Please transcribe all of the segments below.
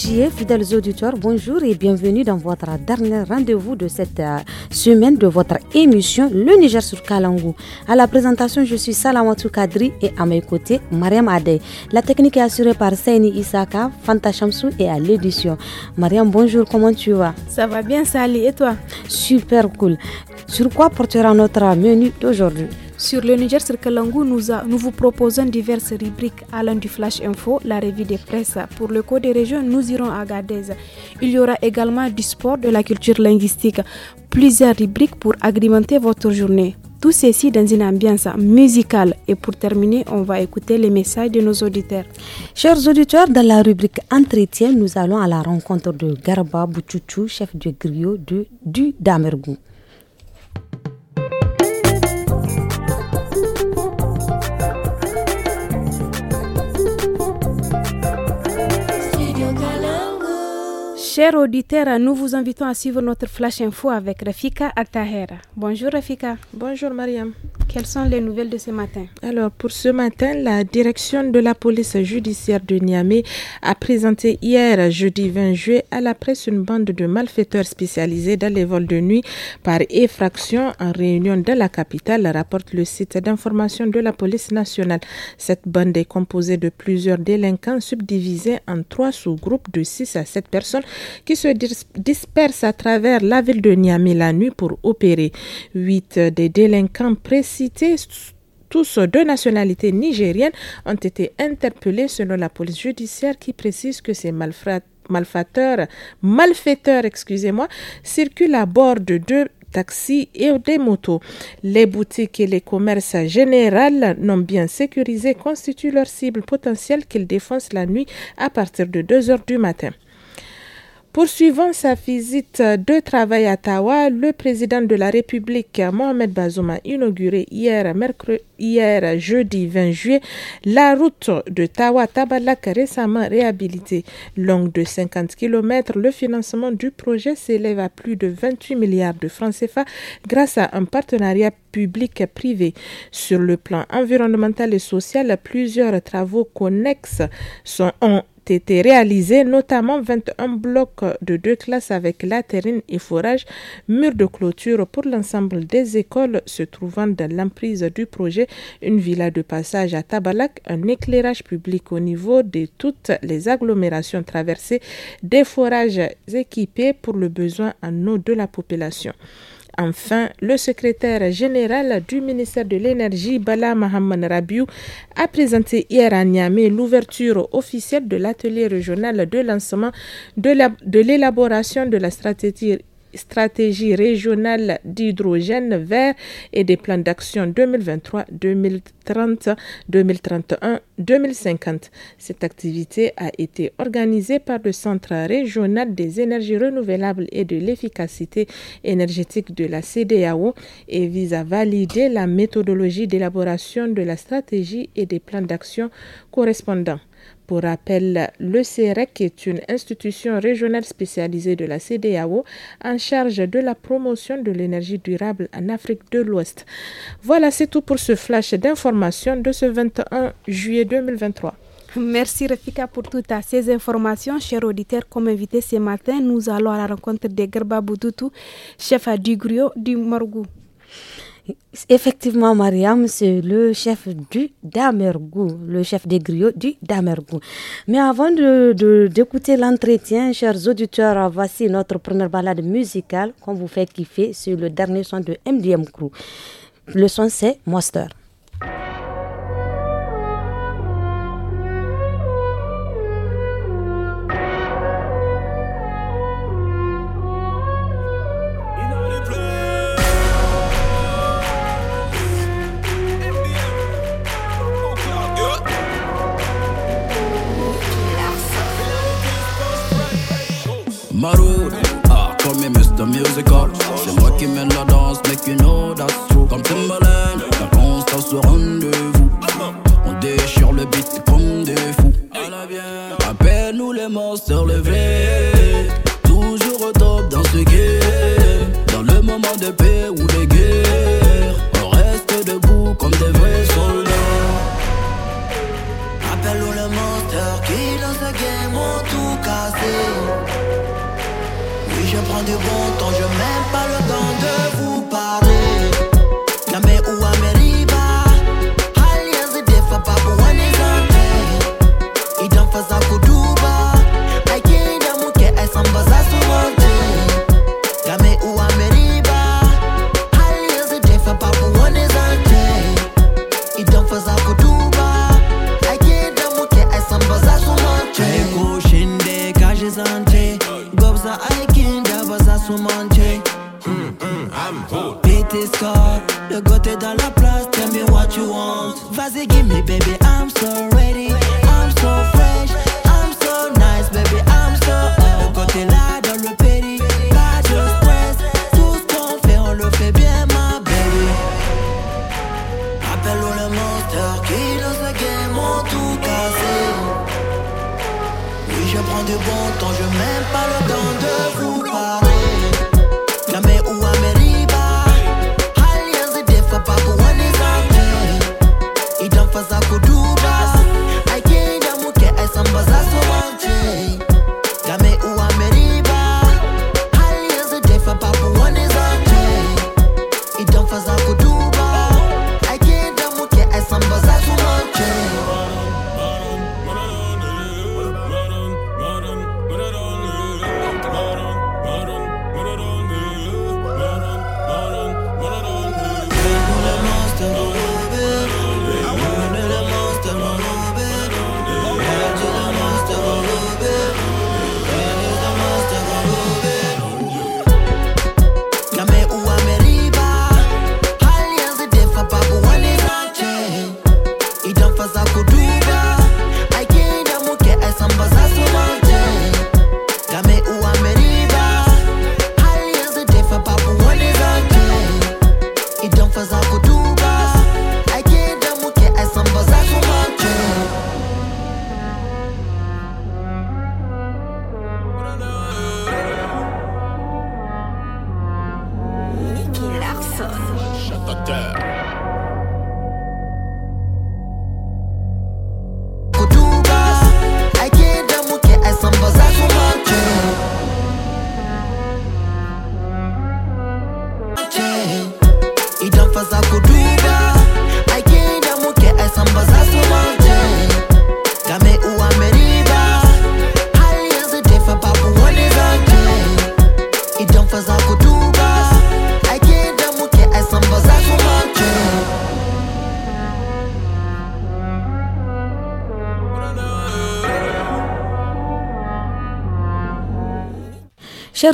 JF, fidèles auditeurs, bonjour et bienvenue dans votre dernier rendez-vous de cette euh, semaine de votre émission Le Niger sur Kalangou. À la présentation, je suis Salamatou Kadri et à mes côtés, Mariam Adey. La technique est assurée par Saini Isaka, Fanta Chamsou et à l'édition. Mariam, bonjour, comment tu vas Ça va bien, Sali, et toi Super cool. Sur quoi portera notre menu d'aujourd'hui sur le Niger sur nous, nous vous proposons diverses rubriques allant du Flash Info, la revue des presses. Pour le Code des régions, nous irons à Gadez. Il y aura également du sport, de la culture linguistique, plusieurs rubriques pour agrémenter votre journée. Tout ceci dans une ambiance musicale. Et pour terminer, on va écouter les messages de nos auditeurs. Chers auditeurs, dans la rubrique Entretien, nous allons à la rencontre de Garba Boutchouchou, chef de griot du Damergou. Chers auditeurs, nous vous invitons à suivre notre flash info avec Rafika Aktahera. Bonjour Rafika. Bonjour Mariam. Quelles sont les nouvelles de ce matin Alors pour ce matin, la direction de la police judiciaire de Niamey a présenté hier jeudi 20 juillet à la presse une bande de malfaiteurs spécialisés dans les vols de nuit par effraction en réunion dans la capitale, rapporte le site d'information de la police nationale. Cette bande est composée de plusieurs délinquants subdivisés en trois sous-groupes de 6 à 7 personnes qui se dispersent à travers la ville de Niamey la nuit pour opérer. Huit des délinquants précités tous de nationalité nigérienne ont été interpellés selon la police judiciaire qui précise que ces malfaiteurs, excusez-moi, circulent à bord de deux taxis et des motos. Les boutiques et les commerces généraux non bien sécurisés constituent leur cible potentielle qu'ils défoncent la nuit à partir de 2 heures du matin. Poursuivant sa visite de travail à Tawa, le président de la République, Mohamed Bazoum, a inauguré hier, mercredi, hier jeudi 20 juillet la route de Tawa-Tabalak récemment réhabilitée. Longue de 50 km, le financement du projet s'élève à plus de 28 milliards de francs CFA grâce à un partenariat public-privé. Sur le plan environnemental et social, plusieurs travaux connexes sont, en été réalisés, notamment 21 blocs de deux classes avec latérines et forage, murs de clôture pour l'ensemble des écoles se trouvant dans l'emprise du projet, une villa de passage à Tabalak, un éclairage public au niveau de toutes les agglomérations traversées, des forages équipés pour le besoin en eau de la population. Enfin, le secrétaire général du ministère de l'Énergie, Bala Mohamed Rabiou, a présenté hier à Niamey l'ouverture officielle de l'atelier régional de lancement de l'élaboration de, de la stratégie stratégie régionale d'hydrogène vert et des plans d'action 2023, 2030, 2031, 2050. Cette activité a été organisée par le Centre régional des énergies renouvelables et de l'efficacité énergétique de la CDAO et vise à valider la méthodologie d'élaboration de la stratégie et des plans d'action correspondants. Pour rappel, le e est une institution régionale spécialisée de la CDAO en charge de la promotion de l'énergie durable en Afrique de l'Ouest. Voilà, c'est tout pour ce flash d'information de ce 21 juillet 2023. Merci Rafika pour toutes ces informations. Chers auditeurs, comme invité ce matin, nous allons à la rencontre de Gerba Boudoutou, chef du Grio du Morgou. Effectivement, Mariam, c'est le chef du Damergou, le chef des griots du Damergou. Mais avant d'écouter de, l'entretien, chers auditeurs, voici notre première balade musicale qu'on vous fait kiffer sur le dernier son de MDM Crew. Le son, c'est Monster. Marou, Ah, comme il musical. C'est moi qui mène la danse, mais you know that's true. Comme Timbaland, la constance au rendez-vous. On déchire le beat comme des fous. Appelle-nous les monstres levés. Toujours au top dans ce game. Dans le moment de paix ou de guerre. On reste debout comme des vrais soldats. Appelle-nous les monstres du bon temps, je m'aime pas le temps.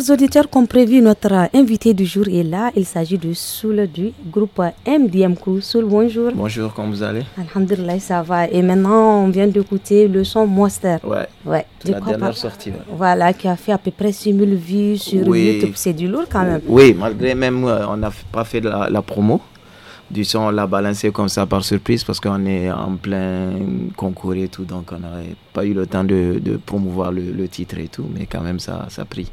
Chers auditeurs, ont prévu, notre invité du jour est là. Il s'agit de Soul du groupe MDM Crew. Soul, bonjour. Bonjour, comment vous allez Alhamdulillah, ça va. Et maintenant, on vient d'écouter le son Monster. Ouais. ouais. la dernière sortie. Voilà, qui a fait à peu près 6000 vues sur YouTube. C'est du lourd quand même. Oui, malgré même, euh, on n'a pas fait la, la promo du son, on l'a balancé comme ça par surprise parce qu'on est en plein concours et tout, donc on n'avait pas eu le temps de, promouvoir le, titre et tout, mais quand même ça, ça pris.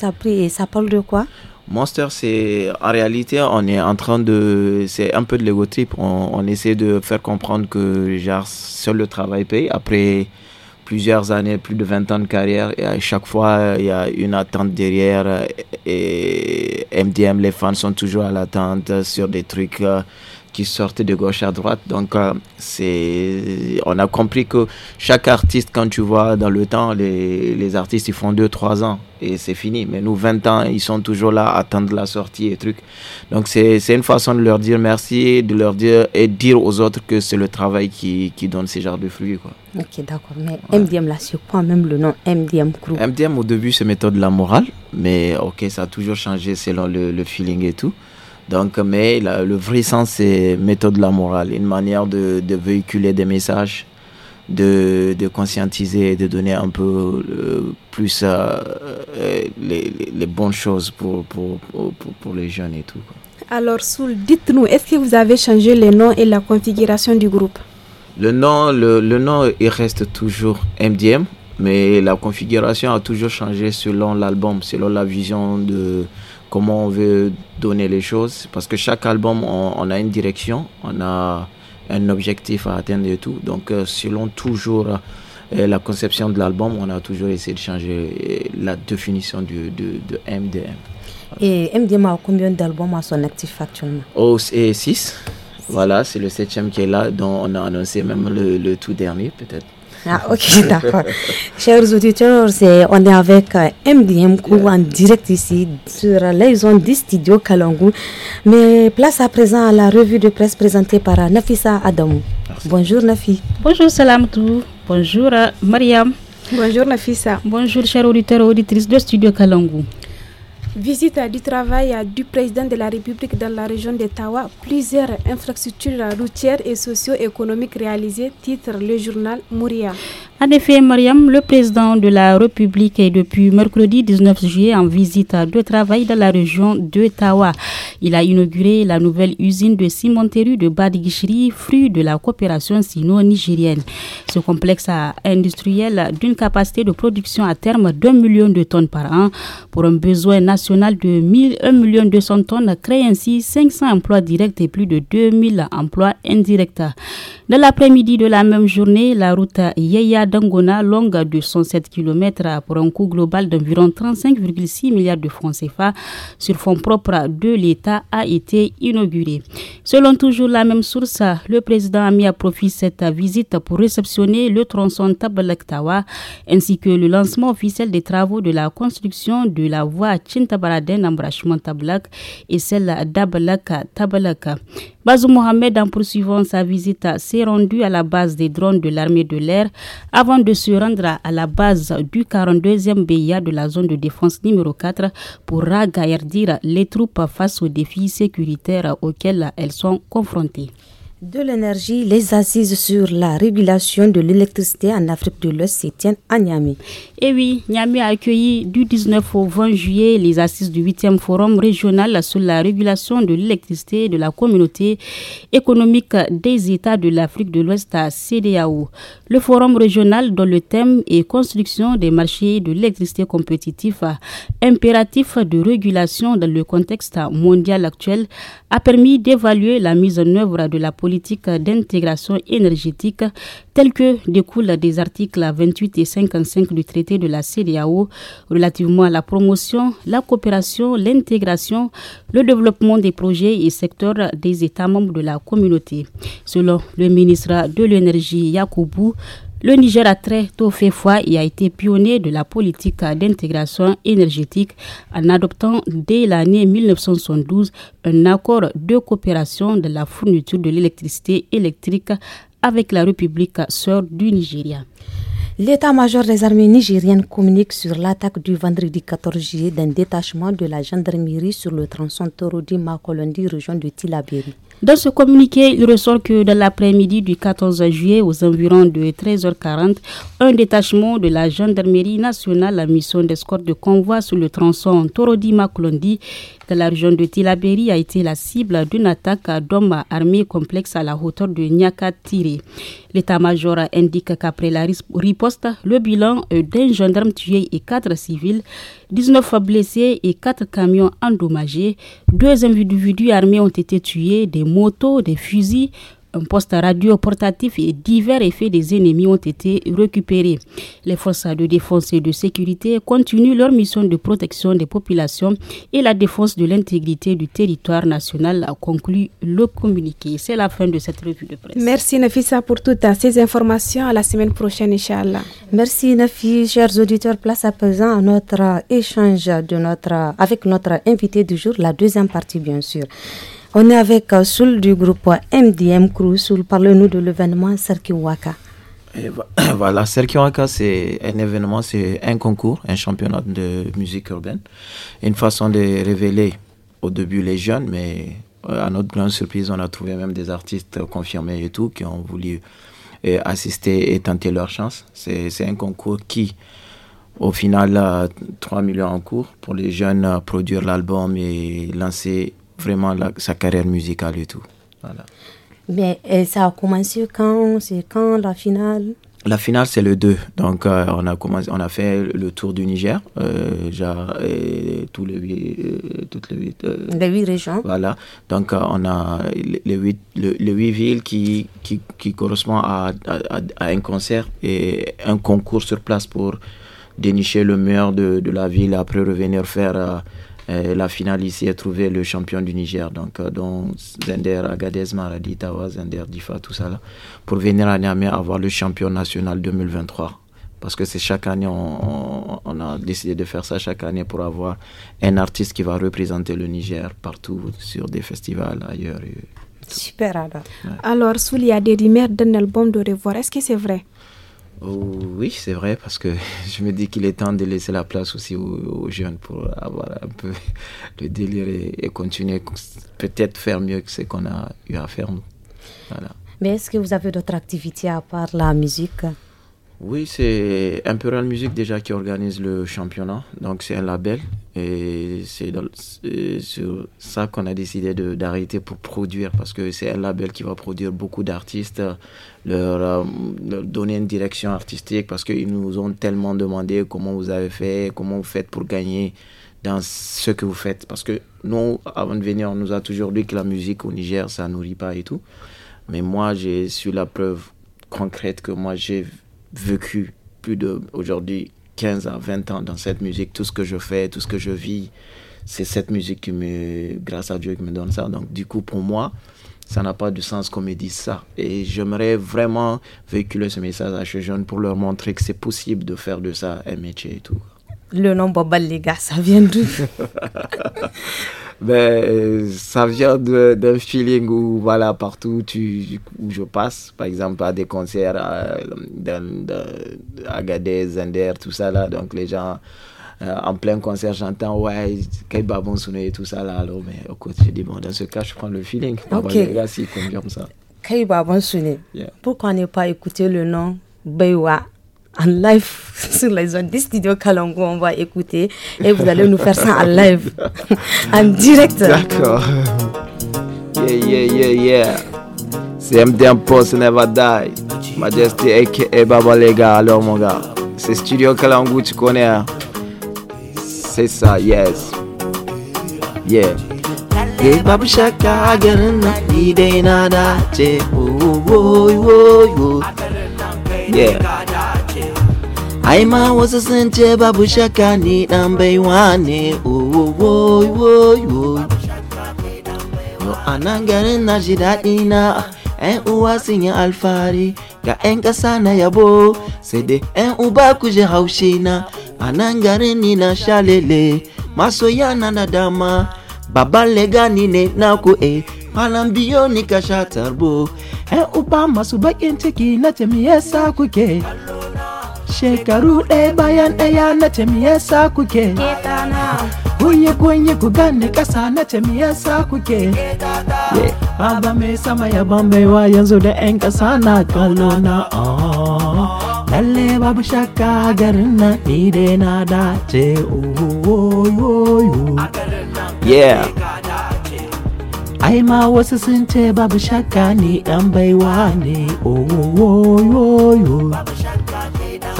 Ça, ça parle de quoi Monster, c'est en réalité, on est en train de. C'est un peu de l'ego trip. On, essaie de faire comprendre que, genre, seul le travail paye. Après plusieurs années, plus de 20 ans de carrière, et à chaque fois, il y a une attente derrière. Et MDM, les fans sont toujours à l'attente sur des trucs. Euh, sortaient de gauche à droite. Donc, euh, c'est, on a compris que chaque artiste, quand tu vois dans le temps, les, les artistes, ils font 2-3 ans et c'est fini. Mais nous, 20 ans, ils sont toujours là, à attendre la sortie et truc Donc, c'est, une façon de leur dire merci, de leur dire et dire aux autres que c'est le travail qui, qui donne ces genres de fruits, quoi. Ok, d'accord. Mais MDM, là, c'est quoi même le nom MDM MDM, au début, c'est méthode la morale. Mais ok, ça a toujours changé selon le feeling et tout. Donc, mais le vrai sens, c'est méthode de la morale, une manière de, véhiculer des messages, de, conscientiser et de donner un peu euh, plus euh, euh, les, bonnes choses pour, pour, pour, les jeunes et tout. Alors, Soul, dites-nous, est-ce que vous avez changé le nom et la configuration du groupe le nom, le, le nom, il reste toujours MDM, mais la configuration a toujours changé selon l'album, selon la vision de, comment on veut donner les choses. Parce que chaque album, on, a une direction, on a un objectif à atteindre et tout. Donc, euh, selon toujours euh, la conception de l'album, on a toujours essayé de changer euh, la définition de, MDM. Et MDM a combien d'albums à son actif actuellement Oh, c'est 6. Voilà, c'est le septième qui est là, dont on a annoncé même le tout dernier, peut-être. Ah, ok, d'accord. Chers auditeurs, on est avec MDM euh, Kou en direct ici sur les zones du studio Kalangou. Mais place à présent à la revue de presse présentée par euh, Nafisa Adamou. Bonjour Nafi. Bonjour Salam tout. Bonjour euh, Mariam. Bonjour Nafisa. Bonjour chers auditeurs et auditrices de Studio Kalangou. Visite du travail du président de la République dans la région Tawa, plusieurs infrastructures routières et socio-économiques réalisées, titre le journal Mouria. En effet, Mariam, le président de la République est depuis mercredi 19 juillet en visite de travail dans la région de Tawa. Il a inauguré la nouvelle usine de cimenterie de Badigishri, fruit de la coopération sino-nigérienne. Ce complexe industriel d'une capacité de production à terme d'un million de tonnes par an pour un besoin national de 1 million 200 tonnes crée ainsi 500 emplois directs et plus de 2000 emplois indirects. Dans l'après-midi de la même journée, la route de Dangona, longue de 107 km pour un coût global d'environ 35,6 milliards de francs CFA sur fonds propres de l'État, a été inaugurée. Selon toujours la même source, le président a mis à profit cette visite pour réceptionner le tronçon Tabalaktawa ainsi que le lancement officiel des travaux de la construction de la voie Chintabaraden-Embrachement-Tablak et celle dabalak tabalaka Bazou Mohamed, en poursuivant sa visite, s'est rendu à la base des drones de l'armée de l'air avant de se rendre à la base du 42e BIA de la zone de défense numéro 4 pour ragaillardir les troupes face aux défis sécuritaires auxquels elles sont confrontées de l'énergie, les assises sur la régulation de l'électricité en Afrique de l'Ouest se tiennent à Niamey. Et eh oui, Niamey a accueilli du 19 au 20 juillet les assises du 8e forum régional sur la régulation de l'électricité de la communauté économique des États de l'Afrique de l'Ouest à CDAO. Le forum régional dont le thème est construction des marchés de l'électricité compétitifs, impératif de régulation dans le contexte mondial actuel, a permis d'évaluer la mise en œuvre de la politique politique d'intégration énergétique telle que découle des articles 28 et 55 du traité de la CDAO relativement à la promotion, la coopération, l'intégration, le développement des projets et secteurs des États membres de la communauté. Selon le ministre de l'Énergie, Yacoubou, le Niger a très tôt fait foi et a été pionnier de la politique d'intégration énergétique en adoptant dès l'année 1972 un accord de coopération de la fourniture de l'électricité électrique avec la République sœur du Nigeria. L'état-major des armées nigériennes communique sur l'attaque du vendredi 14 juillet d'un détachement de la gendarmerie sur le tronçon Torodi-Makolondi, région de Tilaberi. Dans ce communiqué, il ressort que dans l'après-midi du 14 juillet, aux environs de 13h40, un détachement de la gendarmerie nationale la mission d'escorte de convoi sur le tronçon torodima kulondi de la région de Tilaberi a été la cible d'une attaque d'hommes armés complexe à la hauteur de Nyaka-Tiré. L'état-major indique qu'après la riposte, le bilan d'un gendarme tué et quatre civils, 19 blessés et quatre camions endommagés. Deux individus armés ont été tués, des motos, des fusils, un poste radio portatif et divers effets des ennemis ont été récupérés. Les forces de défense et de sécurité continuent leur mission de protection des populations et la défense de l'intégrité du territoire national, a conclu le communiqué. C'est la fin de cette revue de presse. Merci Nafisa pour toutes ces informations. À la semaine prochaine, Inch'Allah. Merci Nafi. Chers auditeurs, place à présent à notre échange de notre, avec notre invité du jour, la deuxième partie bien sûr. On est avec euh, Soul du groupe MDM euh, Crew. Soul, parle-nous de l'événement Serki Waka. voilà, Serki Waka, c'est un événement, c'est un concours, un championnat de musique urbaine. Une façon de révéler au début les jeunes, mais euh, à notre grande surprise, on a trouvé même des artistes confirmés et tout qui ont voulu assister et tenter leur chance. C'est un concours qui, au final, 3 millions en cours pour les jeunes, à produire l'album et lancer vraiment sa carrière musicale et tout. Mais ça a commencé quand C'est quand la finale la finale, c'est le 2. Donc, euh, on, a commencé, on a fait le tour du Niger, euh, genre, tous les euh, toutes les 8, les 8 régions. Voilà. Donc, on a les huit villes qui, qui, qui correspondent à, un concert et un concours sur place pour dénicher le meilleur de, de la ville, après revenir faire euh, la finale ici est trouvée le champion du Niger, donc euh, donc Zender, Agadez, Maradi, Tawa, Zender, Difa, tout ça pour venir à Niamey avoir le champion national 2023 parce que c'est chaque année, on, a décidé de faire ça chaque année pour avoir un artiste qui va représenter le Niger partout sur des festivals ailleurs. Super alors. Souli a des d'un album de revoir. Est-ce que c'est vrai? oui, c'est vrai, parce que je me dis qu'il est temps de laisser la place aussi aux, jeunes pour avoir un peu le délire et, continuer, peut-être faire mieux que ce qu'on a eu à faire, nous. Mais est-ce que vous avez d'autres activités à part la musique oui, c'est Imperial Music déjà qui organise le championnat. Donc c'est un label et c'est sur ça qu'on a décidé d'arrêter pour produire parce que c'est un label qui va produire beaucoup d'artistes euh, leur, donner une direction artistique parce qu'ils nous ont tellement demandé comment vous avez fait, comment vous faites pour gagner dans ce que vous faites. Parce que nous, avant de venir, on nous a toujours dit que la musique au Niger, ça nourrit pas et tout. Mais moi, j'ai su la preuve concrète que moi, j'ai vécu plus de, aujourd'hui, 15 à 20 ans dans cette musique. Tout ce que je fais, tout ce que je vis, c'est cette musique qui me, grâce à Dieu, qui me donne ça. Donc, du coup, pour moi, ça n'a pas de sens qu'on me dise ça. Et j'aimerais vraiment véhiculer ce message à ces jeunes pour leur montrer que c'est possible de faire de ça un métier et tout. Le nom Bobal, les gars, ça vient d'où ben, Ça vient d'un feeling où, voilà, partout où, tu, où je passe, par exemple, à des concerts euh, à, Zender, tout ça là, donc les gens euh, en plein concert, j'entends ouais, quel babon sonner et tout ça là. Alors, mais écoute, je dis bon, dans ce cas, je prends le feeling. Ok. Bah, les gars, s'ils confirment ça. Quel babon sonner. Pourquoi ne pas écouter le nom Bewa en live sur les zones des studios Kalongo, on va écouter et vous allez nous faire ça en live, en direct. D'accord. Yeah, yeah, yeah, yeah. CMD Post Never Die. Majesty aka Baba Lega, alors mon gars. C'est Studio Kalangu, tu connais. Hein. Sessa, yes. Yeah. Dai babu shakka garin nan ni dai eh. oh, oh, oh, na dace. Yeah. Ai ma wasu sente ce babu shakka ni dan baiwa ne. Yo a nan garin na ji eh, daɗi na. 'Yan uwa sun alfari alfahari ga 'yan ƙasa na yabo. Sai dai eh, 'yan uba ku ji na. anan nan na shalele masoya na dama baban legani ne na ku e malam biyo ni ka sha tarbo yan e uba masu bakin ciki na ce yasa kuke shekaru ɗaya e bayan ɗaya e na ce yasa kuke kunye kunye ku gane ƙasa na ce yasa kuke baba mai sama ya bambaiwa yanzu da 'yan ƙasa na kallo na oh. lalle babu shakka garin na yeah ai ma wasu sun ce dan baiwa ne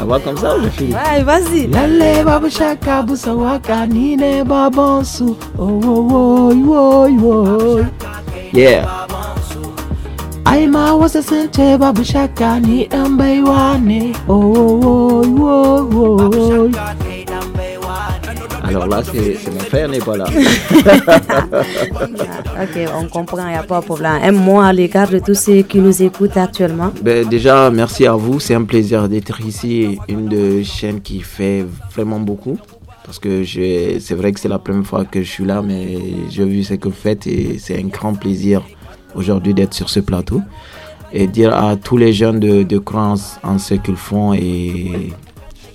Sawakan shi. Bai bazi. Lalle babu shakka bu sawaka ni ne babansu. Oh, oh, oh, oh, oh. Yeah. Alors là, c'est mon frère n'est pas là. ok, on comprend, il n'y a pas de problème. Un mot à l'égard de tous ceux qui nous écoutent actuellement ben, Déjà, merci à vous. C'est un plaisir d'être ici. Une de chaînes qui fait vraiment beaucoup parce que c'est vrai que c'est la première fois que je suis là, mais j'ai vu ce que vous faites et c'est un grand plaisir aujourd'hui d'être sur ce plateau et dire à tous les jeunes de, de croire en, ce qu'ils font et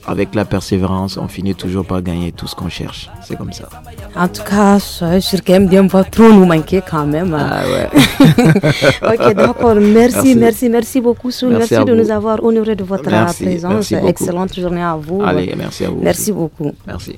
avec la persévérance, on finit toujours par gagner tout ce qu'on cherche. C'est comme ça. En tout cas, je suis quand même bien pas trop nous manquer quand même. Hein. Ah ouais. ok, d'accord. Merci, merci, merci, beaucoup, Soul. Merci, de nous avoir honoré de votre présence. Excellente journée à vous. Allez, merci à vous. Merci beaucoup. Merci.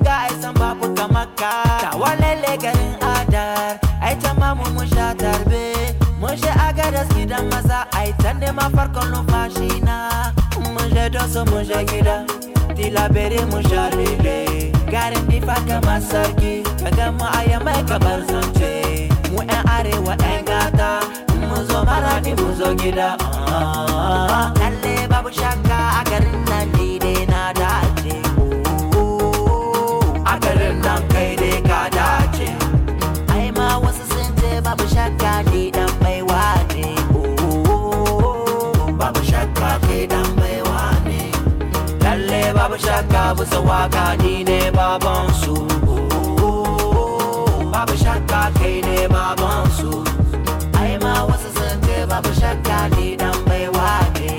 maza aitande mafarko no fashina muje doso muje gida tilabere mujarile garin difaka masarki kaga mu aya mai kabar zance mu yan wa yan gata mu zo maradi muzo gira. gida ah, lalle ah, ah. babu shaka a garin shaka busa waka ni ne baban su babu shaka kai ne baban su ai ma wasu sun ce babu shaka ni dan baiwa ne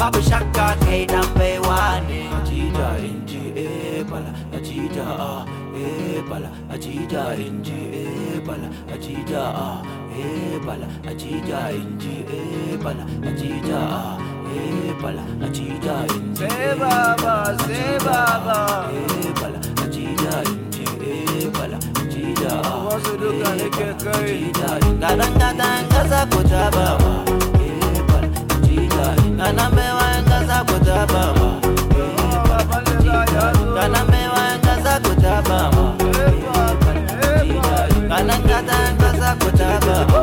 babu shaka kai dan baiwa ne ajita inji e eh, bala ajita ae a ah, e eh, bala ajita inji e eh, bala ajita a pala ajida inje baba se baba pala oh, ajida inje pala ajida wasu dukkan ke kai gadan gadan gaza ko ta baba pala ajida ana mewa gaza ko ta baba ana mewa gaza ko ta baba gadan gadan gaza ko ta baba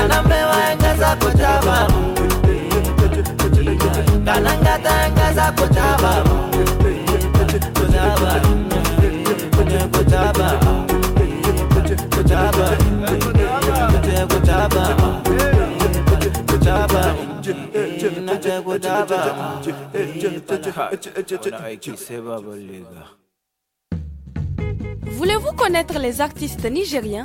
ana mewa Voulez-vous connaître les artistes nigériens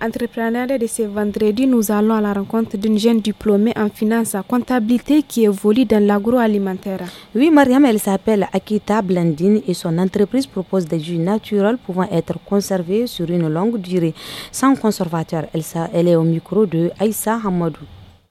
Entrepreneur de ce vendredi, nous allons à la rencontre d'une jeune diplômée en finance à comptabilité qui évolue dans l'agroalimentaire. Oui, Mariam, elle s'appelle Akita Blandine et son entreprise propose des jus naturels pouvant être conservés sur une longue durée sans conservateur. Elle, elle est au micro de Aïssa Hamadou.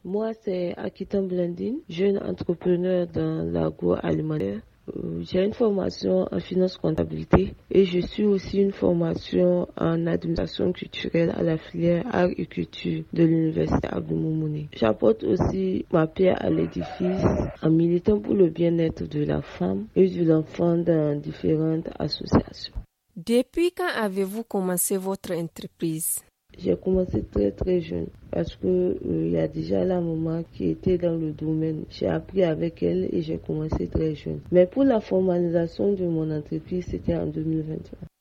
Moi, c'est Akita Blandine, jeune entrepreneur dans l'agroalimentaire. Euh, j'ai une formation en finance comptabilité et je suis aussi une formation en administration culturelle à la filière art et culture de l'université Moumouni. J'apporte aussi ma pierre à l'édifice en militant pour le bien-être de la femme et de l'enfant dans différentes associations. Depuis quand avez-vous commencé votre entreprise j'ai commencé très très jeune parce que euh, il y a déjà la maman qui était dans le domaine. J'ai appris avec elle et j'ai commencé très jeune. Mais pour la formalisation de mon entreprise, c'était en 2021.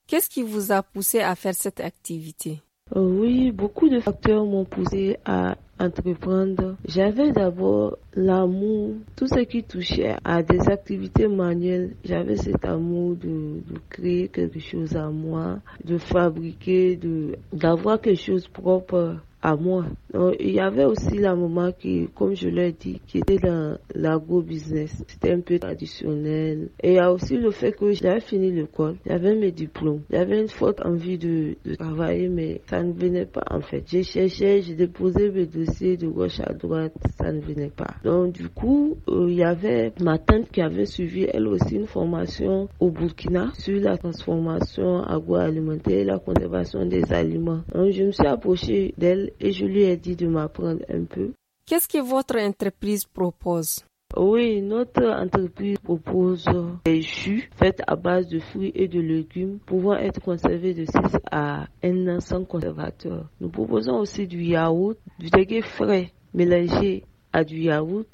Qu'est-ce qui vous a poussé à faire cette activité euh, oui, beaucoup de facteurs m'ont poussé à entreprendre, j'avais d'abord l'amour, tout ce qui touchait à des activités manuelles, j'avais cet amour de, créer quelque chose à moi, de fabriquer, de d'avoir quelque chose propre à moi. Donc, il y avait aussi la maman qui, comme je l'ai dit, qui était dans l'agro-business. C'était un peu traditionnel. Et il y a aussi le fait que j'avais fini l'école, j'avais mes diplômes, j'avais une forte envie de, travailler, mais ça ne venait pas en fait. J'ai cherché, j'ai déposé mes dossiers de gauche à droite, ça ne venait pas. Donc du coup, euh, il y avait ma tante qui avait suivi elle aussi une formation au Burkina sur la transformation agroalimentaire et la conservation des aliments. Donc je me suis approchée d'elle et je lui ai dit de m'apprendre un peu. Qu'est-ce que votre entreprise propose oui, notre entreprise propose des jus faits à base de fruits et de légumes pouvant être conservés de 6 à 1 an sans conservateur. Nous proposons aussi du yaourt, du dégué frais mélangé à du yaourt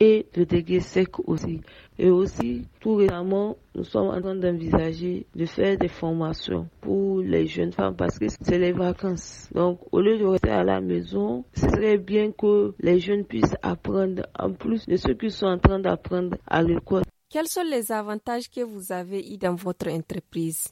et du dégué sec aussi. Et aussi, tout récemment, nous sommes en train d'envisager de faire des formations pour les jeunes femmes parce que c'est les vacances. Donc, au lieu de rester à la maison, ce serait bien que les jeunes puissent apprendre en plus de ce qu'ils sont en train d'apprendre à l'école. Quels sont les avantages que vous avez eus dans votre entreprise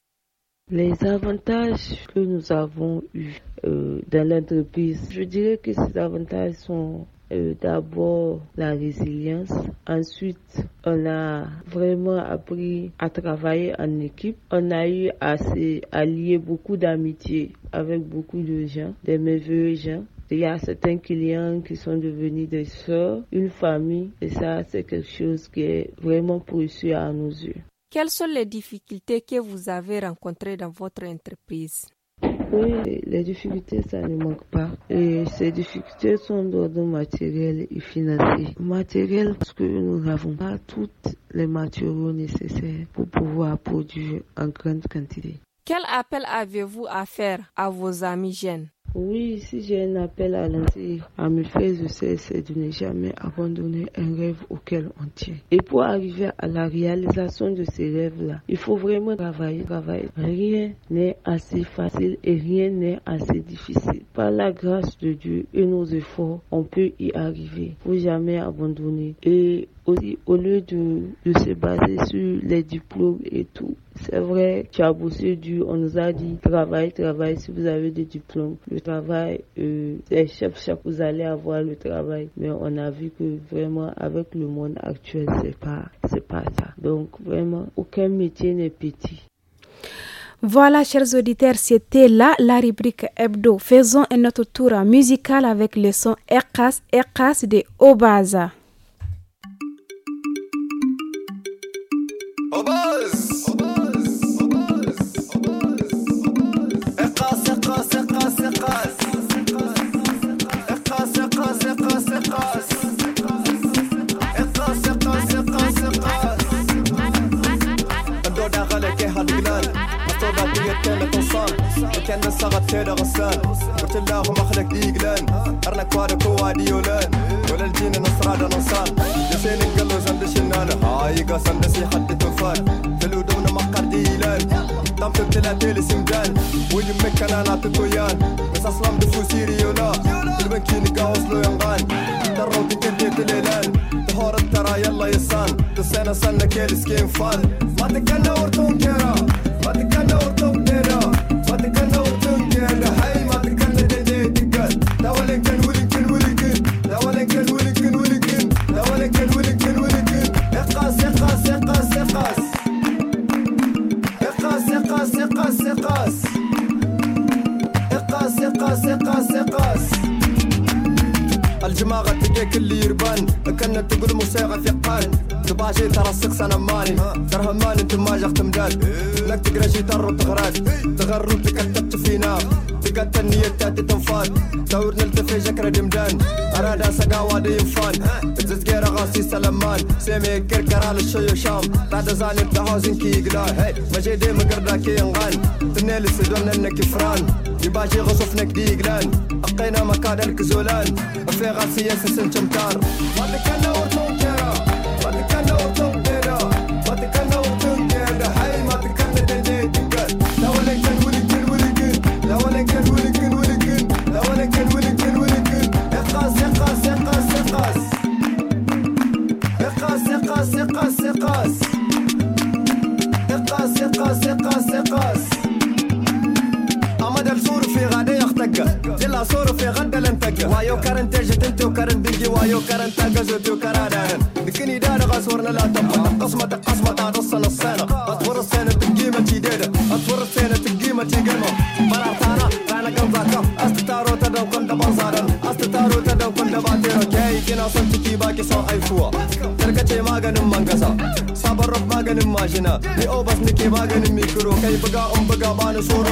les avantages que nous avons eus euh, dans l'entreprise, je dirais que ces avantages sont euh, d'abord la résilience. Ensuite, on a vraiment appris à travailler en équipe. On a eu assez à lier beaucoup d'amitié avec beaucoup de gens, des merveilleux gens. Il y a certains clients qui sont devenus des sœurs, une famille, et ça, c'est quelque chose qui est vraiment précieux à nos yeux. Quelles sont les difficultés que vous avez rencontrées dans votre entreprise oui, les difficultés, ça ne manque pas. Et ces difficultés sont d'ordre matériel et financier. Matériel, parce que nous n'avons pas tous les matériaux nécessaires pour pouvoir produire en grande quantité. Quel appel avez-vous à faire à vos amis jeunes oui, si j'ai un appel à lancer à me faire, de sœurs, c'est de ne jamais abandonner un rêve auquel on tient. Et pour arriver à la réalisation de ces rêves-là, il faut vraiment travailler, travailler. Rien n'est assez facile et rien n'est assez difficile. Par la grâce de Dieu et nos efforts, on peut y arriver. Il faut jamais abandonner. Et au lieu de, se baser sur les diplômes et tout. C'est vrai, tu as bossé du, on nous a dit travail, travail, si vous avez des diplômes, le travail, euh, c'est chef, vous allez avoir le travail. Mais on a vu que vraiment avec le monde actuel, c'est pas, c'est pas ça. Donc vraiment, aucun métier n'est petit. Voilà, chers auditeurs, c'était là la rubrique hebdo. Faisons un autre tour musical avec le son Erkas, Erkas de Obaza. كان صغت تيلا غسان قلت الله ما خلق اخلك قلان ارنا كوالك هو ديولان ولا الجين نصراد نصان جسين قلو زند شنانا هاي قاسم دسي حد توفان تلو دون مقر ديلان دام تبتلا تيلي سمدان ويمك كان انا تكويان بس اصلا بفو سيري يولا سيريونا البنكين قاوصلو ينغان ترون تكدي تليلان تهور الترا يلا يسان تسينا سنة كيل سكين فان ما تكنا ورتون كيرا ما تكنا ورتون شي ترى السقس انا ماني ترى ماني انت ما جاك مجال لك تقرا شي ترى تغرات تغرب تكتبت فينا تقت النية تاتي تنفان دور نلتفي جكرة جمدان أرادا وادي دي ينفان غير غاسي سلمان سيمي كركرا للشي شام بعد زاني بتحوزن كي يقلا مجي دي مقردا كي ينغان تني لسدونا انك فران يباجي غصفنا كدي يقلان أقينا مكان الكزولان في غاسي يسسن شمتار مالك أنا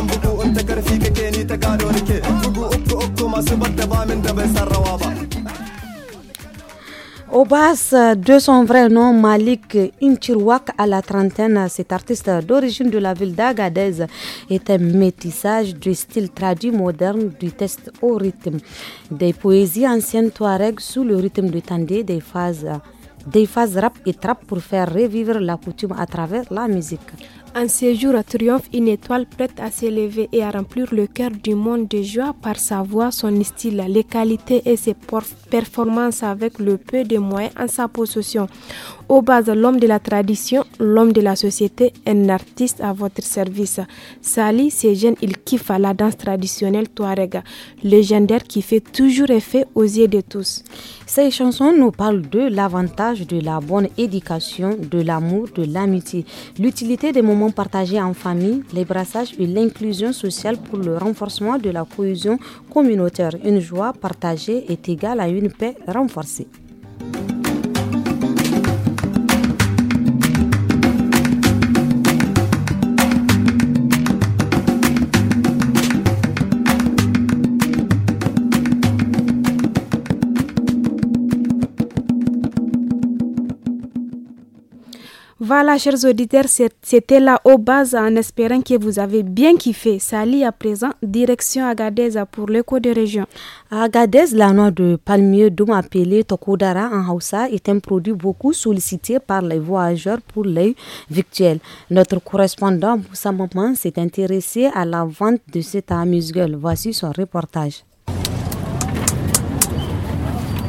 Au bas Obas, de son vrai nom Malik Intirouak, à la trentaine, cet artiste d'origine de la ville d'Agadez est un métissage du style traduit moderne du test au rythme. Des poésies anciennes Touareg sous le rythme du tandé, des phases, des phases rap et trap pour faire revivre la coutume à travers la musique. Un séjour triomphe, une étoile prête à s'élever et à remplir le cœur du monde de joie par sa voix, son style, les qualités et ses performances avec le peu de moyens en sa possession. Au bases l'homme de la tradition, l'homme de la société, un artiste à votre service. Sali, ces jeunes, ils kiffent la danse traditionnelle touareg, légendaire qui fait toujours effet aux yeux de tous. Ces chansons nous parlent de l'avantage de la bonne éducation, de l'amour, de l'amitié, l'utilité des moments partagés en famille, les brassages et l'inclusion sociale pour le renforcement de la cohésion communautaire. Une joie partagée est égale à une paix renforcée. Voilà, chers auditeurs, c'était la haut base en espérant que vous avez bien kiffé. Sali à présent, direction Agadez pour l'écho de région. Agadez, la noix de palmier d'homme appelée Tokodara en Hausa est un produit beaucoup sollicité par les voyageurs pour l'œil virtuel. Notre correspondant Moussa Maman s'est intéressé à la vente de cet amuse-gueule. Voici son reportage.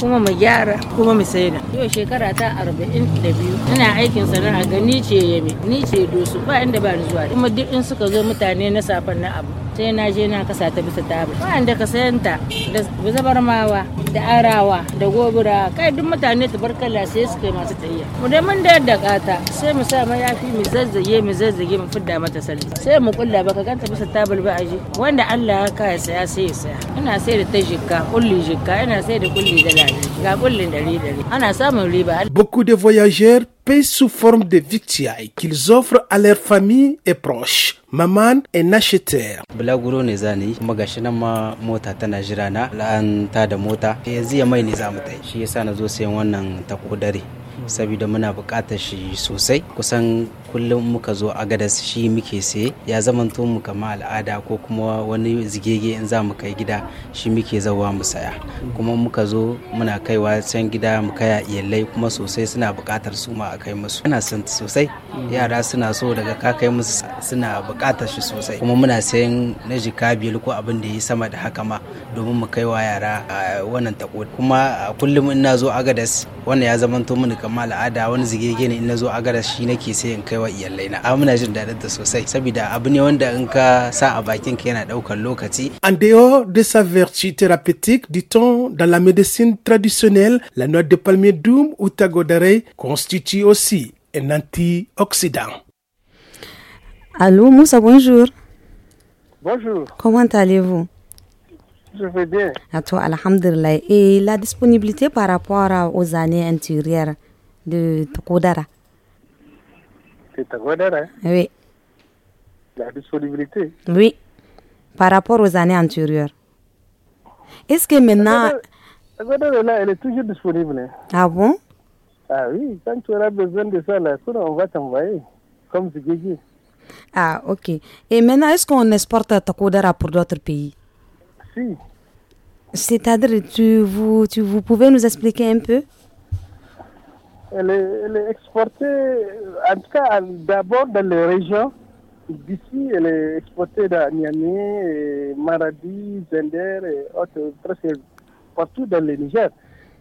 kuma mu gyara kuma mu saida yau shekara ta arba'in da biyu ina aikin sana'a ga ni ce yabe ni ce dosu ba inda ba zuwa kuma duk in suka zo mutane na safan na abu sai na je na kasa ta bisa tabar wanda ka ta da zabarmawa da arawa da gobura kai duk mutane la sai suke masu tsayya mu dai mun da yadda kata sai mu sa mayafi mu zazzage mu zazzage mu fidda mata sallah sai mu kulla baka ganta bisa tabar ba ji wanda Allah ya ka saya sai ya saya ina sai da ta kulli jikka ina sai da kulli da ga kullin dari dari ana samun riba beaucoup de voyageurs paient sous forme de victuailles qu'ils offrent à leurs familles et proches. Maman est acheteur. Bulaguro ne za ma mota tana jira na la'an ta da mota. Yanzu ya mai ne za tai. Shi yasa na zo sayan wannan takodare. sabida muna buƙatar shi sosai kusan kullum muka zo agadas shi muke sai ya zamanto mu kama al'ada ko kuma wani zigege in za mu kai gida shi muke zawa mu saya kuma muka zo muna kaiwa can gida mu kaya iyalai kuma sosai suna buƙatar su ma a kai musu ana son sosai yara suna so daga ka kai musu suna buƙatar shi sosai kuma muna sayan na jika biyar ko abin da ya sama da haka ma domin mu kaiwa yara wannan tako kuma kullum in zo agadas wannan ya zamanto mini kama al'ada wani zigege ne in na zo agadas shi nake sai in kaiwa En dehors de sa vertu thérapeutique, dit-on, dans la médecine traditionnelle, la noix de palmier doum ou tagodare constitue aussi un antioxydant. Allô Moussa, bonjour. Bonjour. Comment allez-vous? Je vais bien. À toi, Et la disponibilité par rapport aux années antérieures de Tokodara? c'est hein. Oui. La disponibilité. Oui, par rapport aux années antérieures. Est-ce que maintenant... La elle est toujours disponible. Hein. Ah bon Ah oui, quand tu auras besoin de ça, là, on va t'envoyer, comme c'est Guégui. Ah, ok. Et maintenant, est-ce qu'on exporte ta Takodara pour d'autres pays Si. C'est-à-dire, tu, vous, vous pouvez nous expliquer un peu elle est, exportée, en tout cas d'abord dans les régions. D'ici, elle est exportée dans Niamey, Maradi, Zender et autres, presque partout dans le Niger.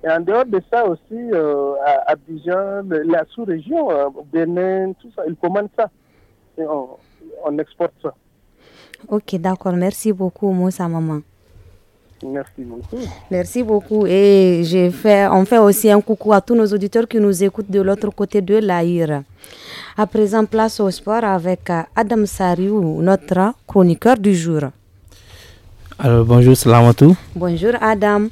Et en dehors de ça aussi, euh, à Abidjan, la sous-région, euh, Benin, tout ça, ils commandent ça. Et on, on exporte ça. Ok, d'accord. Merci beaucoup, Moussa Maman. Merci beaucoup. Merci beaucoup. Et j'ai on fait aussi un coucou à tous nos auditeurs qui nous écoutent de l'autre côté de l'air. À présent, place au sport avec Adam Sariou, notre chroniqueur du jour. Alors, bonjour Salamatu. Bonjour Adam.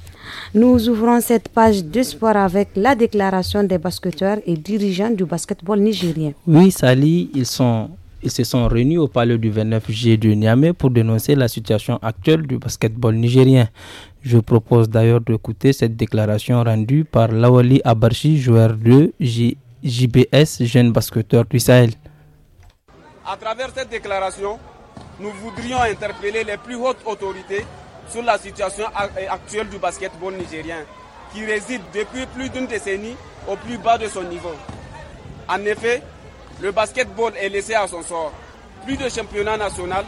Nous ouvrons cette page de sport avec la déclaration des basketteurs et dirigeants du basketball nigérien. Oui, Sali, ils sont ils se sont réunis au palais du 29 juillet de Niamey pour dénoncer la situation actuelle du basketball nigérien. Je propose d'ailleurs d'écouter cette déclaration rendue par Lawali Abarchi, joueur de JBS, jeune basketteur du Sahel. À travers cette déclaration, nous voudrions interpeller les plus hautes autorités sur la situation euh, actuelle du basketball nigérien, qui réside depuis plus d'une décennie au plus bas de son niveau. En effet, le basketball est laissé à son sort. Plus de championnat national,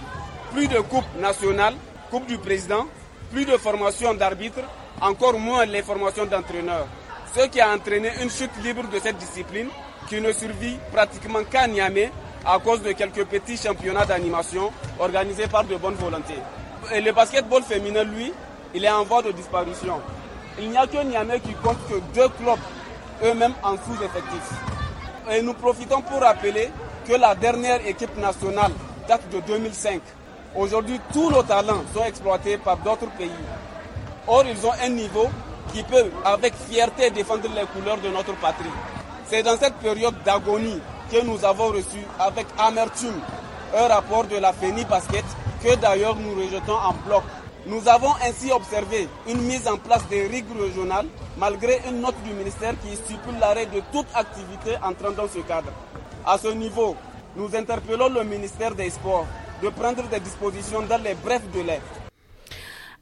plus de coupe nationale, coupe du président, plus de formation d'arbitres, encore moins les formations d'entraîneurs. Ce qui a entraîné une chute libre de cette discipline qui ne survit pratiquement qu'à Niamey à cause de quelques petits championnats d'animation organisés par de bonnes volontés. Et le basketball féminin, lui, il est en voie de disparition. Il n'y a que Niamey qui compte que deux clubs, eux-mêmes en sous-effectif. Et nous profitons pour rappeler que la dernière équipe nationale date de 2005. Aujourd'hui, tous nos talents sont exploités par d'autres pays. Or, ils ont un niveau qui peut, avec fierté, défendre les couleurs de notre patrie. C'est dans cette période d'agonie que nous avons reçu avec amertume un rapport de la FENI Basket que d'ailleurs nous rejetons en bloc nous avons ainsi observé une mise en place des règles régionales malgré une note du ministère qui stipule l'arrêt de toute activité entrant dans ce cadre. À ce niveau, nous interpellons le ministère des Sports de prendre des dispositions dans les brefs délais.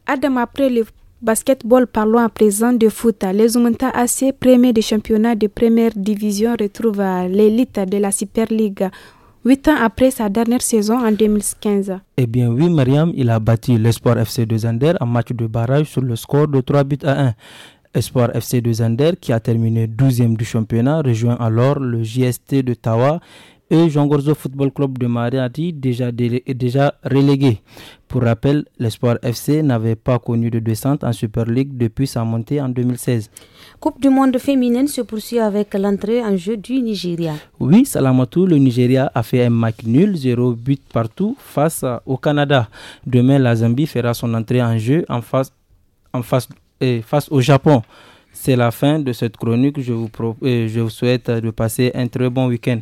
Adam, après le basketball, parlons à présent de foot. Les Oumenta AC, premier des championnats de première division, retrouve l'élite de la Super League huit ans après sa dernière saison en 2015. Eh bien oui, Mariam, il a battu l'Espoir FC de Zander en match de barrage sur le score de 3 buts à 1. Espoir FC de Zander, qui a terminé 12e du championnat, rejoint alors le JST de Tawa, et Jean Gorzo Football Club de Mariati, déjà, déjà relégué. Pour rappel, l'Espoir FC n'avait pas connu de descente en Super League depuis sa montée en 2016. Coupe du monde féminine se poursuit avec l'entrée en jeu du Nigeria. Oui, Salamatou, le Nigeria a fait un match nul, 0 but partout face au Canada. Demain, la Zambie fera son entrée en jeu en face, en face, au Japon. C'est la fin de cette chronique. Je vous, je vous souhaite de passer un très bon week-end.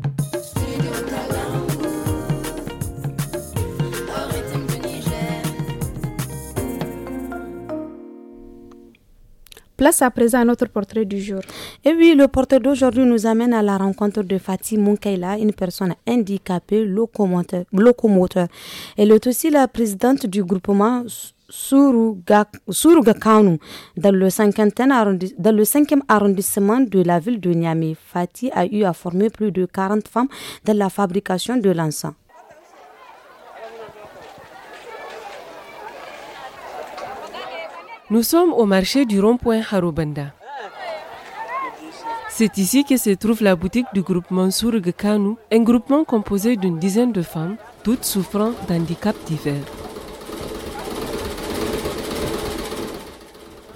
Place à présent à notre portrait du jour. Et oui, le portrait d'aujourd'hui nous amène à la rencontre de Fatih Munkaila, une personne handicapée locomoteur. Elle est aussi la présidente du groupement Suruga dans dans le 5 arrondissement de la ville de Niamey. Fatih a eu à former plus de 40 femmes dans la fabrication de l'encens. Nous sommes au marché du rond-point Harobanda. C'est ici que se trouve la boutique du groupement Sourg Kanu, un groupement composé d'une dizaine de femmes, toutes souffrant d'handicaps divers.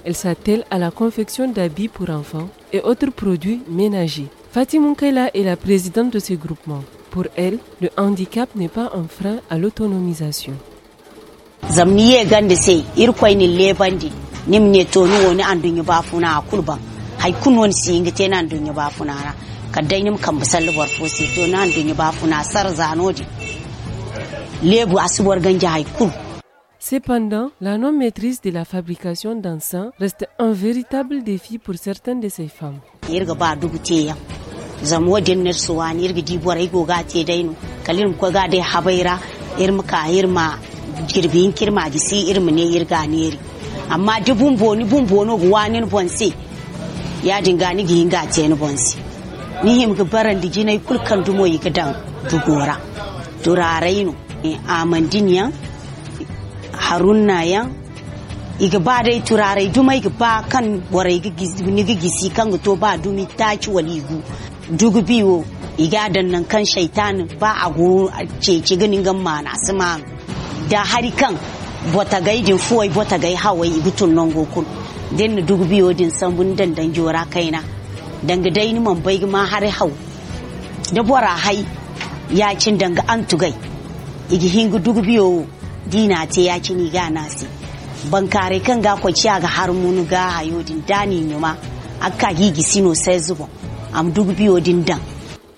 Elles s'attellent à la confection d'habits pour enfants et autres produits ménagers. Fatima Nkela est la présidente de ce groupement. Pour elle, le handicap n'est pas un frein à l'autonomisation zam ye gande se irkoy ni lebandi nim ne to ni woni andu ni ba funa kulban hay kun woni si ngite na andu ni ba funa ra kadai nim kan bisal war fosi to na andu ni ba funa sar zanodi lebu asubor ganja hay kul Cependant, la non-maîtrise de la fabrication d'encens reste un véritable défi pour certaines de ces femmes. zam wadin na suwani irga dibuwar igo ga te dainu kalim ko ga dai habaira irma ka irma girbin kirma da si irmu ne yirga neri amma di bumbo ni bumbo no guwa ni bonse ya dinga ni gihin ga te ni bonse ni him ga baran di jinai kulkan dumo yi gadan dugora durarai no e, amandiniya harunna yan iga ba dai turarai dumai ga ba kan warai ga gisi kan to ba dumi taci waligu dugu biwo iga dan nan kan shaitanin ba a guru cece ganin gan mana su da hari kan bota gai din fuwai bota gai hawai butun nan gokun den na dubu biyo din sambun dan dan jora kaina danga dai ni man bai ma har hau da bora hai ya cin danga an tugai igi hingu duk biyo dina te ya ni ga nasi ban kare kan ga kwaciya ga har munu ga hayo din dani nyuma akka gigi sino sai zubo am duk biyo din dan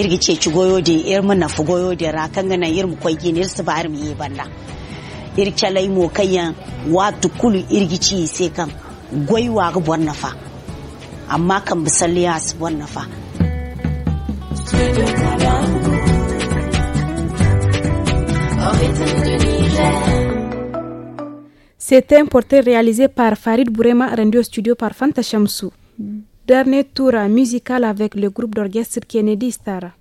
irgi ce ci goyo de ir mana goyo de ra kan ganan mu su ba mu yi banda ir calai mo kayan watu kulu irgi ci sai kan goyi ga bonna fa amma kan bisalli ya su bonna fa C'était un portrait réalisé par Farid Bourema, rendu au studio par Fanta Shamsou. Dernier tour musical avec le groupe d'orchestre Kennedy Star.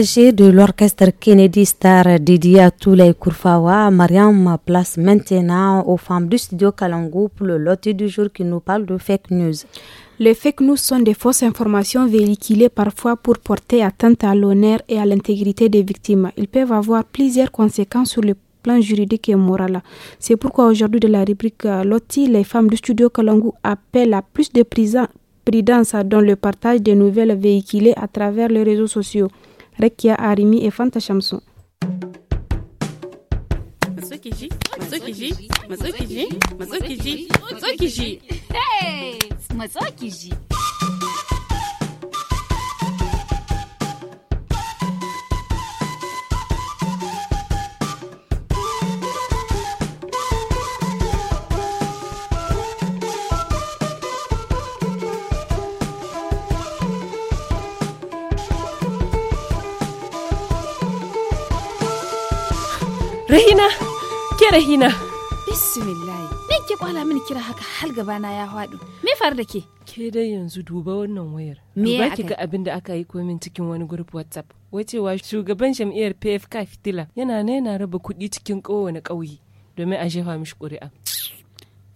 de l'orchestre Kennedy Star dédié à tous les Kourfawa, Mariam place maintenant aux femmes du studio Kalangou pour le loti du jour qui nous parle de fake news. Les fake news sont des fausses informations véhiculées parfois pour porter atteinte à l'honneur et à l'intégrité des victimes. Ils peuvent avoir plusieurs conséquences sur le plan juridique et moral. C'est pourquoi aujourd'hui de la rubrique euh, Loti, les femmes du studio Kalangu appellent à plus de prudence dans le partage des nouvelles véhiculées à travers les réseaux sociaux. Rakiya Arimi e Fanta Shamsu. Matsokiji, matsokiji, matsokiji, matsokiji, matsokiji. Hey! Matsokiji! Rahina, ke Rahina. Bismillah. Me ke kwala mini kira haka har gabana ya haɗu. Me faru da ke? Ke dai yanzu duba wannan wayar. Me ya ki ga abin da aka yi min cikin wani group WhatsApp. Wacewa shugaban jam'iyyar PFK Fitila yana na raba kuɗi cikin kowane ƙauye domin a jefa mishi ƙuri'a.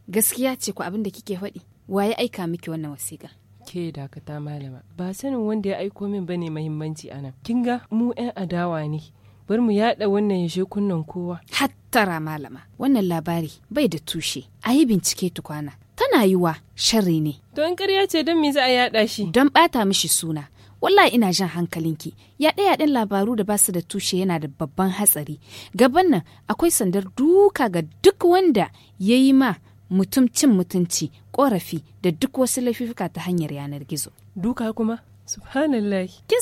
Gaskiya ce ku abin da kike faɗi. Waye aika miki wannan wasiƙa? ke dakata malama ba sanin wanda ya aiko min bane muhimmanci anan kin ga mu 'yan adawa ne bar mu yada wannan yashe kunnen kowa. Hattara malama, wannan labari bai da tushe, a yi bincike tukwana. Tana yiwa sharri ne. Don karya ce don me za a yada shi? Don ɓata mishi suna. Wallahi ina jan hankalinki, yaɗe-yaɗen labaru da basu da tushe yana da babban hatsari. Gaban nan akwai sandar duka ga duk wanda ya yi ma mutum cin mutunci, ƙorafi da duk wasu laifuka ta hanyar yanar gizo. Duka kuma? Kin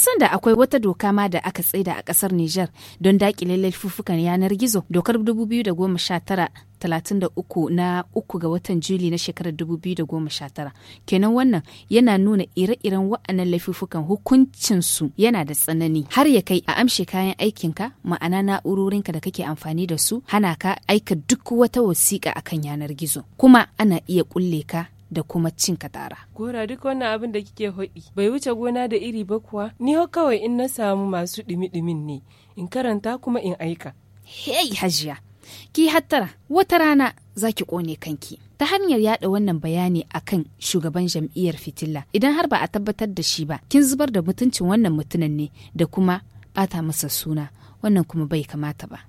san da akwai wata doka ma da aka tsaida a kasar Nijar don dakile laifuffukan yanar gizo dokar 2019-33 na uku ga watan Juli na shekarar 2019. Kenan wannan yana nuna ire-iren wa'annan laifuffukan hukuncinsu yana da tsanani har ya kai a amshe kayan aikinka ma'ana na'urorinka da kake amfani da su hana ka aika duk wata wasiƙa akan yanar gizo kuma ana iya ƙulle ka da kuma cin katara. Gora duk wannan abin da kike hoɗi bai wuce gona da iri ba kuwa ni kawai in na samu masu ɗimi-ɗimin ne in karanta kuma in aika. Hei hajiya, ki hattara wata rana za ki ƙone kanki. Ta hanyar yada wannan bayani a kan shugaban jam'iyyar fitila idan har ba a tabbatar da shi ba kin zubar da mutuncin wannan mutunan ne da kuma bata masa suna wannan kuma bai kamata ba.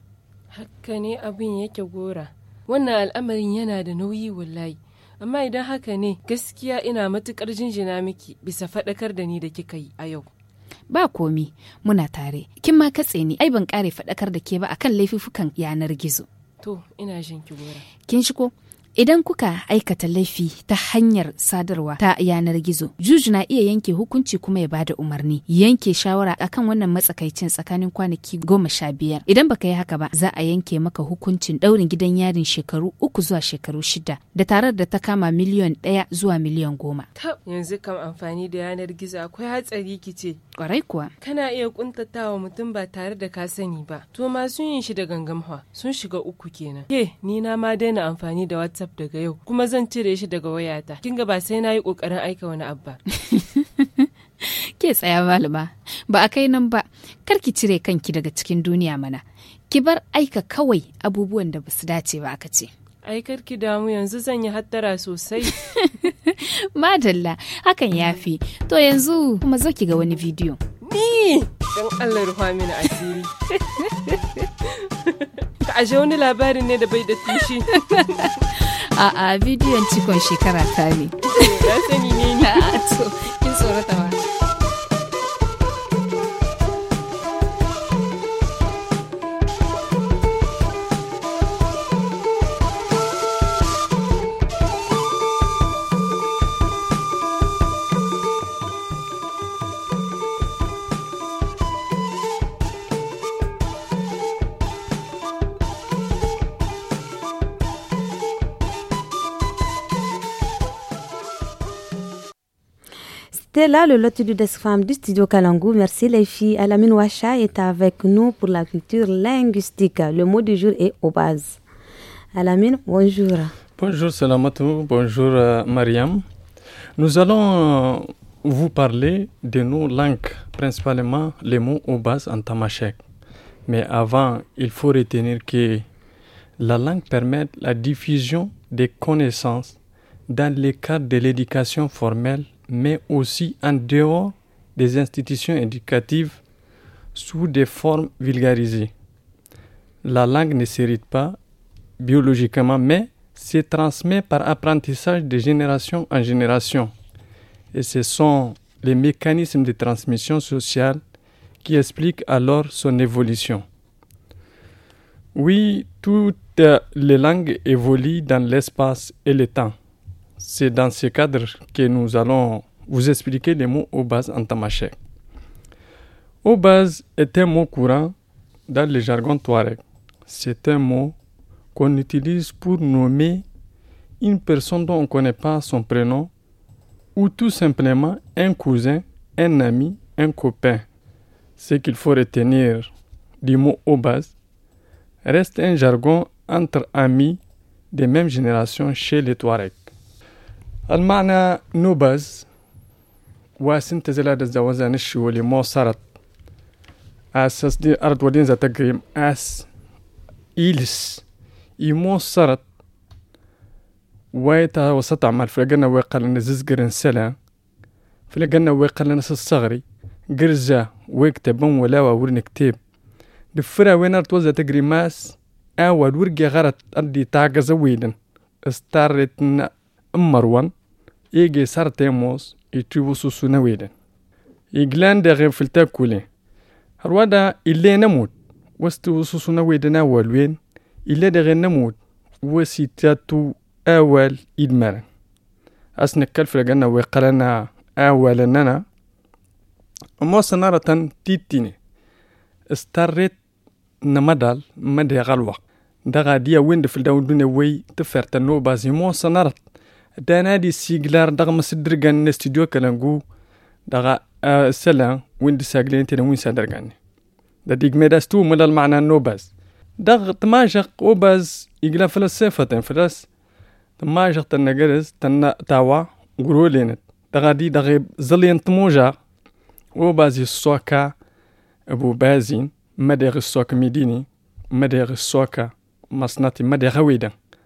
Hakka ne abin yake gora. Wannan al'amarin yana da nauyi wallahi. amma idan haka ne gaskiya ina matukar jinjina miki bisa faɗakar da ni da kika yi a yau ba komi muna tare kin ma katse ni ai ban kare faɗakar da ke ba akan laifuffukan yanar gizo to ina jin ki gora kin shigo Idan kuka aikata laifi ta hanyar sadarwa ta yanar gizo, juju na iya yanke hukunci kuma ya bada umarni, yanke shawara akan wannan matsakaicin tsakanin kwanaki goma sha biyar. Idan baka yi haka ba, za a yanke maka hukuncin ɗaurin gidan yarin shekaru uku zuwa shekaru shida, da tarar da ta kama miliyon ɗaya zuwa miliyon goma. yanzu kam amfani da yanar gizo akwai hatsari kice. Kwarai kuwa. Kana iya kuntatawa mutum ba tare da ka sani ba. To masu yin shi da gangamwa sun shiga uku kenan. Ke, ni na ma daina amfani da wata whatsapp daga yau kuma zan cire shi daga wayata kin ga ba sai na yi kokarin aika wani abu ba. ke tsaya malama ba a kai nan ba kar ki cire kanki daga cikin duniya mana ki bar aika kawai abubuwan da basu dace ba aka ce ai kar ki damu yanzu zan yi hattara sosai madalla hakan ya fi to yanzu kuma zo ki ga wani bidiyo ni don allah ruwa mini asiri ka ashe wani labarin ne da bai da tushe A'a bidiyon cikon shekara ta ne. sani ne ni. a to, kin tsorata ma. C'était là le lot du Desk femmes du studio Kalangu. Merci les filles. Alamine Wacha est avec nous pour la culture linguistique. Le mot du jour est Obaz. Alamine, bonjour. Bonjour Salamatou, bonjour euh, Mariam. Nous allons euh, vous parler de nos langues, principalement les mots Obaz en tamashek. Mais avant, il faut retenir que la langue permet la diffusion des connaissances dans le cadre de l'éducation formelle mais aussi en dehors des institutions éducatives sous des formes vulgarisées. La langue ne s'hérite pas biologiquement, mais se transmet par apprentissage de génération en génération. Et ce sont les mécanismes de transmission sociale qui expliquent alors son évolution. Oui, toutes les langues évoluent dans l'espace et le temps. C'est dans ce cadre que nous allons vous expliquer les mots Obaz en tamashek. Obaz est un mot courant dans le jargon touareg. C'est un mot qu'on utilise pour nommer une personne dont on ne connaît pas son prénom ou tout simplement un cousin, un ami, un copain. Ce qu'il faut retenir du mot Obaz reste un jargon entre amis des mêmes générations chez les Touaregs. المعنى نوبز وسنتزل هذا الزوازة نشو اللي مو صارت أساس دي أرض ولينزا تقريم أس إيلس يمو صارت ويتا وسط عمال في الجنة ويقال إن زيز جرن سلا في الجنة ويقال إن الصغري قرزة ويكتبون ولا ورن كتاب دفرا وين أرض وزا تقري ماس أول ورقة غرت أردي تاقة زويدا استارت مروان إيجي سار تيموس يتيبو سوسو نويدن إيجلان دغي في كولي هروادا إلي نموت وستو سوسو نويدن أول وين إلا دغي نموت وسيتاتو أول إدمارن أسنكال فلقنا ويقرنا أولننا وموسنارة تيتيني استريت نمدال مدى غلوة دغا ديا ويند في الدون دون وي تفرت نو بازي زي موسنارة دانادي سيجلار دغم سدرغان استديو كلانغو دغ أه سلان وين ساغلين تي وين سادرغان دا ديك ميداستو ملا المعنى نوباز دغ تماجق وباز ايغلا فلسفة فلس تماجق تنقرز تن تاوا غرولينت دغ دي دغ زلين تموجا وباز السوكا ابو بازين مدير السوك ميديني مدير السوكا مصناتي مدير ويدن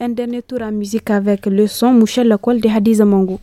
Un dernier tour en musique avec le son Mouchel Lacol de Hadiza Mango.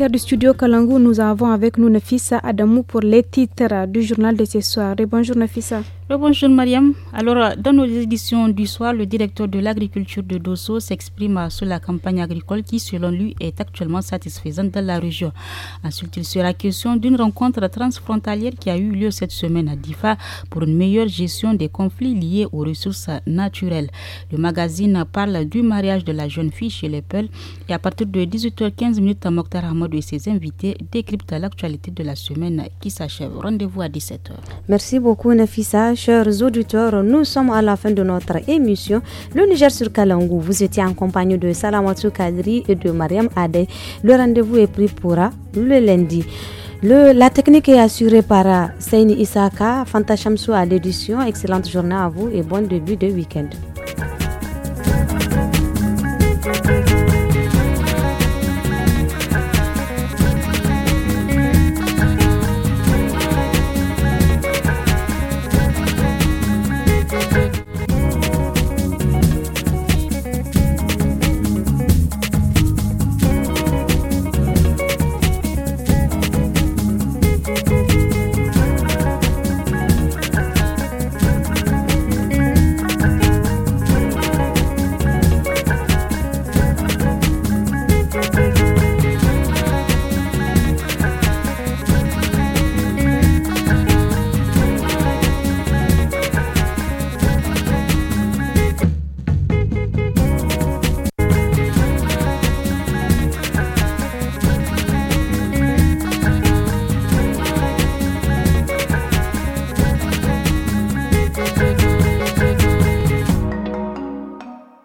du studio Kalangu, nous avons avec nous Nefissa Adamou pour les titres du journal de ce soir. Et bonjour Nefissa. Bonjour Mariam. Alors, dans nos éditions du soir, le directeur de l'agriculture de Dosso s'exprime sur la campagne agricole qui, selon lui, est actuellement satisfaisante dans la région. Ensuite, il sera question d'une rencontre transfrontalière qui a eu lieu cette semaine à Difa pour une meilleure gestion des conflits liés aux ressources naturelles. Le magazine parle du mariage de la jeune fille chez les Peuls et à partir de 18h15, Mokhtar Hamadou et ses invités décryptent l'actualité de la semaine qui s'achève. Rendez-vous à 17h. Merci beaucoup, Nafissa chers auditeurs, nous sommes à la fin de notre émission Le Niger sur Kalangou. Vous étiez en compagnie de Salamatou Kadri et de Mariam Ade. Le rendez-vous est pris pour le lundi. la technique est assurée par Seini Isaka, Fanta Chamsou à l'édition. Excellente journée à vous et bon début de week-end.